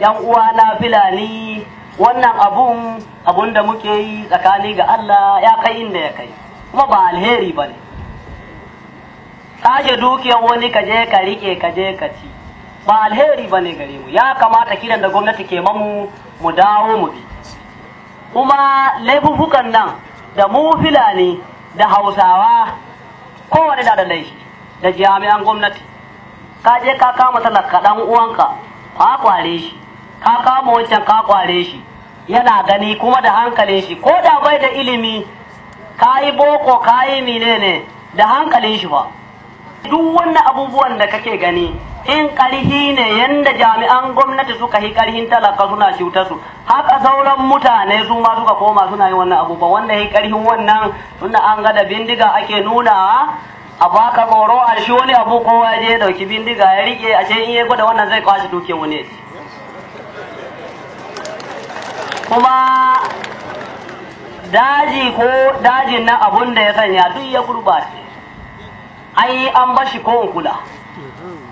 yan uwa na filani wannan abun abun da muke yi tsakani ga Allah ya kai inda ya kai kuma ba alheri ba ne sashe dukiyar wani ka ka rike ka je ka ci ba alheri ba ne gare mu ya kamata kiran da gwamnati ke mamu mu dawo mu bi kuma laifukan nan da mu filani da hausawa kowane da da laifi da jami'an gwamnati ka je ka kama ka dan uwanka ka kware shi ka kama wancan ka kware shi yana gani kuma da hankalin shi ko da bai da ilimi ka yi boko ka yi menene da hankalin shi ba duk wannan abubuwan da kake gani in karhi ne yanda jami'an gwamnati suka yi karhin talaka suna cuta su haka sauran mutane su ma suka koma suna yi wannan abubuwa wanda ya karhin wannan tunda an ga da bindiga ake nuna a baka goro a shi wani abu kowa ya je dauki bindiga ya rike a ce in ya gwada wannan zai kwashe duke wani kuma daji ko dajin na abun da ya sanya duk ya gurbace ai an bashi ko kula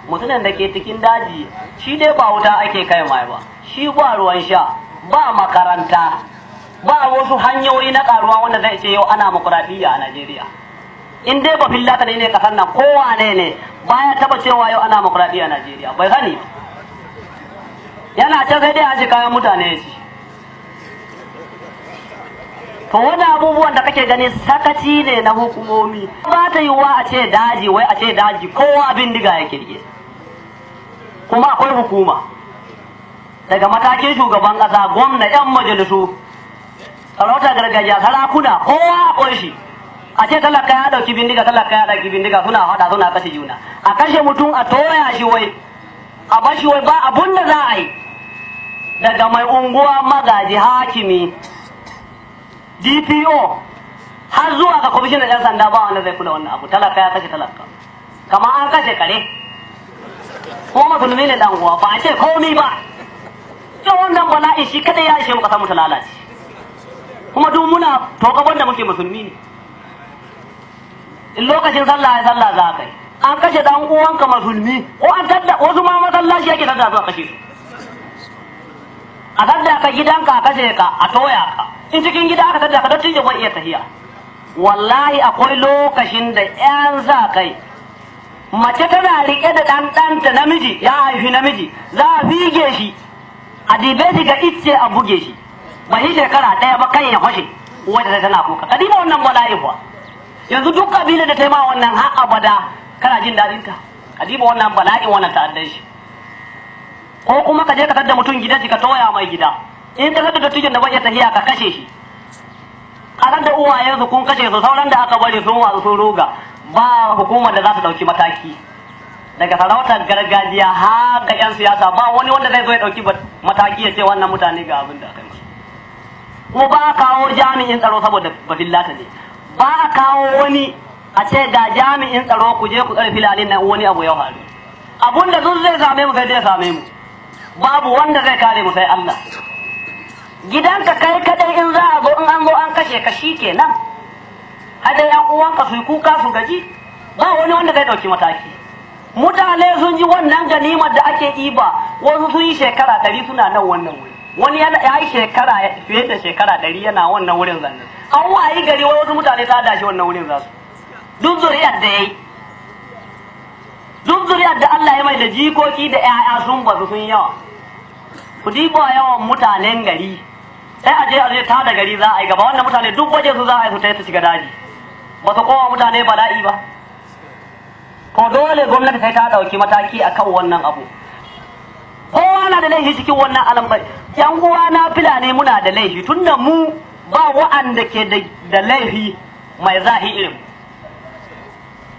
mutumin da ke cikin daji shi dai ba wuta ake kai mai ba shi ba ruwan sha ba makaranta ba wasu hanyoyi na karuwa wanda zai ce yau ana makuratiyya a najeriya in dai ba fillata ne ne kasar nan kowa ne ne baya taba cewa yau ana makuratiyya a najeriya bai sani yana ce sai dai a kayan mutane shi to wani abubuwan da kake gani sakaci ne na hukumomi ba ta wa a ce daji wai a ce daji kowa bindiga ya kirge kuma akwai hukuma daga matakin shugaban ƙasa gwamna 'yan majalisu sarauta gargajiya sarakuna kowa akwai shi a ce talaka ya dauki bindiga talaka ya dauki bindiga suna hada suna kashe juna a kashe mutum a toya shi wai a bashi wai ba abun da za a yi daga mai unguwa magaji hakimi dpo har zuwa ga kwamishinan 'yan sanda ba wanda zai kula wannan abu talaka ya kashe talaka kamar an kashe kare ko musulmi ne dan uwa ba a ce komi ba tsawon nan bala'i shi kada ya ishe muka samu ta lalace kuma duk muna tokaban da muke musulmi ne in lokacin sallah ya sallah za ka yi an kashe dan uwanka musulmi ko an tadda wasu ma masallaci yake tadda zuwa kashe su a tadda ka gidanka a kashe ka a toya ka in cikin gida aka tada ka dattijo yawon iya tahiya wallahi akwai lokacin da yan za kai mace tana riƙe da ɗanɗanta namiji ya haifi namiji za a fige shi a dibe shi ga icce a buge shi ba shi shekara ɗaya ba kan ya fashe wata ta tana kuka kadima wannan bala'i kuwa yanzu duk kabila da ta yi ma wannan har abada kana jin daɗin ta kadiba wannan bala'in wannan ta'addan shi ko kuma ka je ka tadda mutum gidan ka toya mai gida in ka da dattijan da bayyana tahiya ka kashe shi kalan da uwayen su kun kashe su sauran da aka bari sun watsu sun roga ba hukumar da za ta dauki mataki daga sarautar gargajiya har ga yan siyasa ba wani wanda zai zo ya dauki mataki ya ce wannan mutane ga abin da aka yi ko ba kawo jami'in tsaro saboda babillata ne ba kawo wani a ce ga jami'in tsaro ku je ku karfi lalin nan wani abu ya faru abun da zai same mu sai dai same mu babu wanda zai kare mu sai Allah gidanka kai kadai in za a zo in an zo an kashe ka shi kenan hada yan uwanka su kuka su gaji ba wani wanda zai dauki mataki mutane sun ji wannan ganimar da ake iba wasu sun yi shekara ɗari suna nan wannan wuri wani ya yi shekara fiye da shekara ɗari yana wannan wurin zanne an wayi gari wasu mutane ta dashi wannan wurin za su duk zuriyar da ya yi duk zuriyar da Allah ya mai da jikoki da 'ya'ya sun bazu sun yawa ku diba yawan mutanen gari sai a je a je ta da gari za a yi gaba wannan mutane duk waje su za a yi su ta su shiga daji ba su kowa mutane bala'i ba ko dole gwamnati sai ta ɗauki mataki a kan wannan abu kowa na da laifi cikin wannan alambar yan uwa na fila muna da laifi tunda mu ba wa'anda ke da laifi mai zahi irin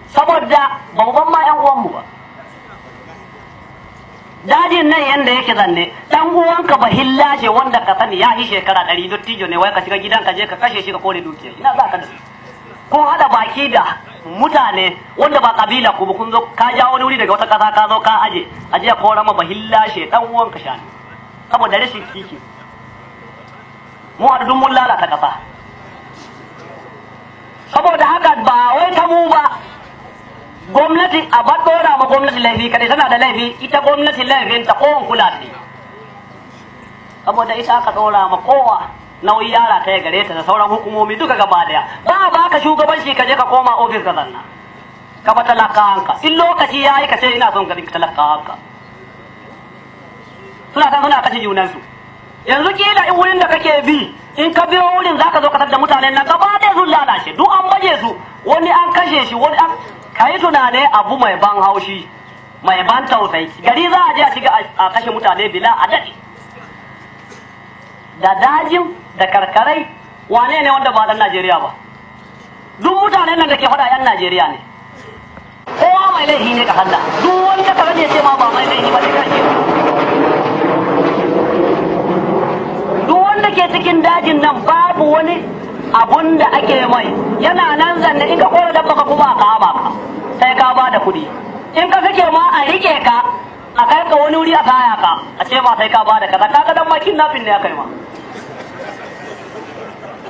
saboda ba mu ban ma yan uwanmu ba dajin nan yanda yake zanne dan uwanka ba hillaje wanda ka sani ya yi shekara ɗari dottijo ne wai ka shiga gidan ka je ka kashe shi ka kore dukiyar ina za ka da kun hada baki da mutane wanda ba kabila ku ba kun zo ka ja wani wuri daga wata kasa ka zo ka aje aje ka kora ma ba hillaje dan uwanka shani saboda rashin kike mu a mun lalata ƙasa saboda haka ba gwamnati a ah, ba dora ma gwamnati laifi kada tana da laifi ita gwamnati laifin ta kowan kula ne saboda ita aka dora ma kowa ah. nauyi yara ta ya gare ta da sauran hukumomi duka gaba daya ah. ba ba ka shugabanci ka je ka koma ofis oh, ka zanna ka ba hanka in lokaci ya yi ka ce ina son talaka hanka suna ta suna kashe junansu yanzu kila in wurin da kake bi in ka biyo wurin ka zo ka da mutanen nan gaba daya sun lalace duk an baje su wani an kashe shi wani an ka yi tunane abu mai ban haushi mai ban tausayi gari za a je a shiga a kashe mutane bila a daɗe da dajin da karkarai wane ne wanda ba dan najeriya ba duk mutanen nan da ke faɗa yan najeriya ne kowa mai laifi ne ka hanna duk wani ka kare ce ma ba mai laifi ba ne karshe duk wanda ke cikin dajin nan babu wani abun da ake mai yana nan zanne in ka kora dabba ka kuma a kama ka sai ka ba da kuɗi in ka fike ma a riƙe ka a kai ka wani wuri a kaya ka a ce ma sai ka ba da kaza ka ga dan ma kidnapping ne kai ma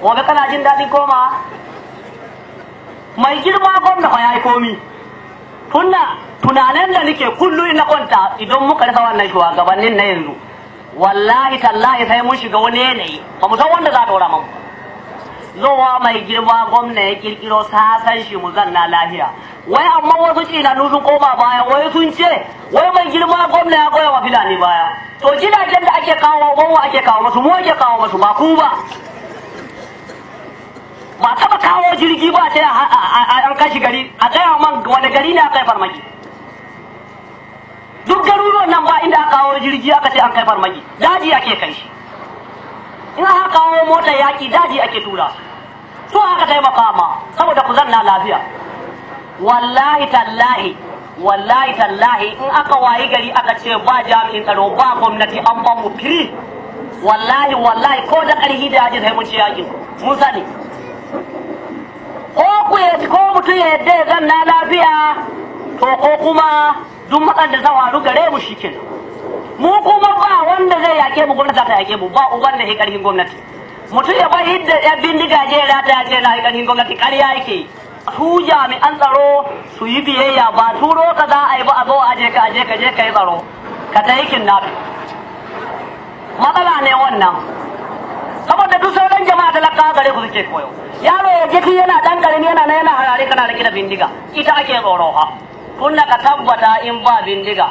gobe kana jin daɗin koma mai girma gwamna ya yi komi tunna tunanin da nake kullu na kwanta idan muka rasa wannan shugabannin na yanzu wallahi tallahi sai mun shiga wani yanayi ba mu san wanda za ta mu zowa mai girma gwamna ya kirkiro sasan shi mu zanna lahiya wai amma wasu kilanu sun koma baya wai sun ce wai mai girma gwamna ya koya wa filani baya to gidajen da ake kawo gwamna ake kawo masu mu ake kawo masu ba ku ba ba taba kawo jirgi ba sai an kashi gari a tsaya man wani gari ne a kai farmaki duk garuruwan nan ba inda aka kawo jirgi aka ce an kai farmaki daji ake kai shi in aka kawo motar yaki daji ake tura to aka taimaka ma saboda ku zanna lafiya wallahi tallahi wallahi tallahi in aka wayi gari aka ce ba jami'in tsaro ba gwamnati an ba mu firi wallahi wallahi ko da ƙarfi da yaji sai mun ci yakin mun sani ko ku ko mutum ya yadda ya zanna lafiya to ko kuma duk matsan da ta gare mu shikenan mu kuma ba wanda zai yake mu gwamnati za ta yake mu ba uban da ya ƙarfin gwamnati mutum ya bari yadda ya bindiga jera ta ya ce na ƙarfin gwamnati ƙarya yake yi su jami'an tsaro su yi biyayya ba turo ka za a yi ba a zo aje ka aje ka je ka yi tsaro ka ta yi kidnapping matsala ne wannan saboda duk sauran jama'a talaka gare ku suke koyo yaro ya jiki yana dan karami yana na yana harare kana rike da bindiga ita ake tsoro ha kunna ka tabbata in ba bindiga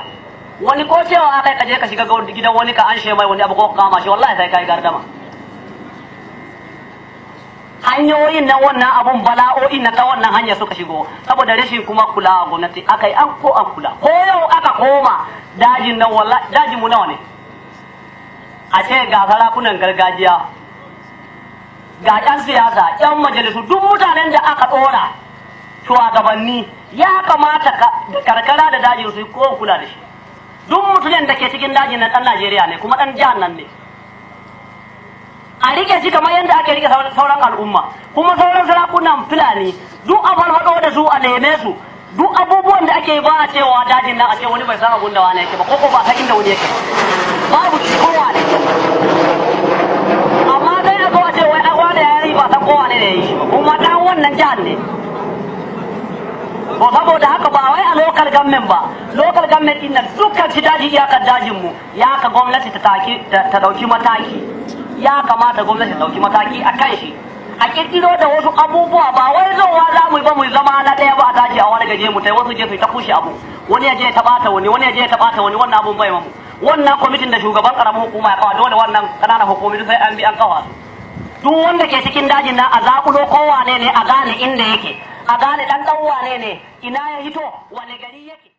wani ko cewa akai ka je ka shiga gidan wani ka anshe mai wani abu ko kama shi wallahi sai kai gardama hanyoyin nan wannan abun bala'o'in na ta wannan hanya suka shigo saboda rashin kuma kula a gwamnati aka yi an ko an kula ko yau aka koma dajin nan walla dajin mu nawa ne a ce ga sarakunan gargajiya ga yan siyasa yan majalisu duk mutanen da aka dora shugabanni ya kamata karkara da dajin su ko kula da shi duk mutumin da ke cikin dajin nan dan Najeriya ne kuma dan jihar nan ne a rike shi kamar yadda ake rike sauran al'umma kuma sauran sarakunan fulani duk a farfado da su a neme su duk abubuwan da ake ba a cewa dajin nan a ce wani bai san abun da wani yake ba ko ba ta inda wani yake babu kowa ne amma dai a zo a ce wai dan wani ya yi ba san kowa ne da yi kuma dan wannan jihar ne ba saboda haka ba wai a lokal government ba lokal government din nan dukkan shi daji iyakar dajin mu ya ka gwamnati ta dauki mataki ya kamata gwamnati ta dauki mataki a kan shi a kirkiro da wasu abubuwa ba wai zowa za mu yi ba mu zama na ɗaya ba a tashi a wani gaje mu tai wasu jefe su ta kushe abu wani ya je ya tabata wani wani ya je ya tabata wani wannan abun bai mu wannan kwamitin da shugaban karamin hukuma ya kawo dole wannan ƙananan hukumomi sai an bi an kawo duk wanda ke cikin dajin nan a zakulo wane ne a gane inda yake a gane dan dan wane ne ina ya hito wane gari yake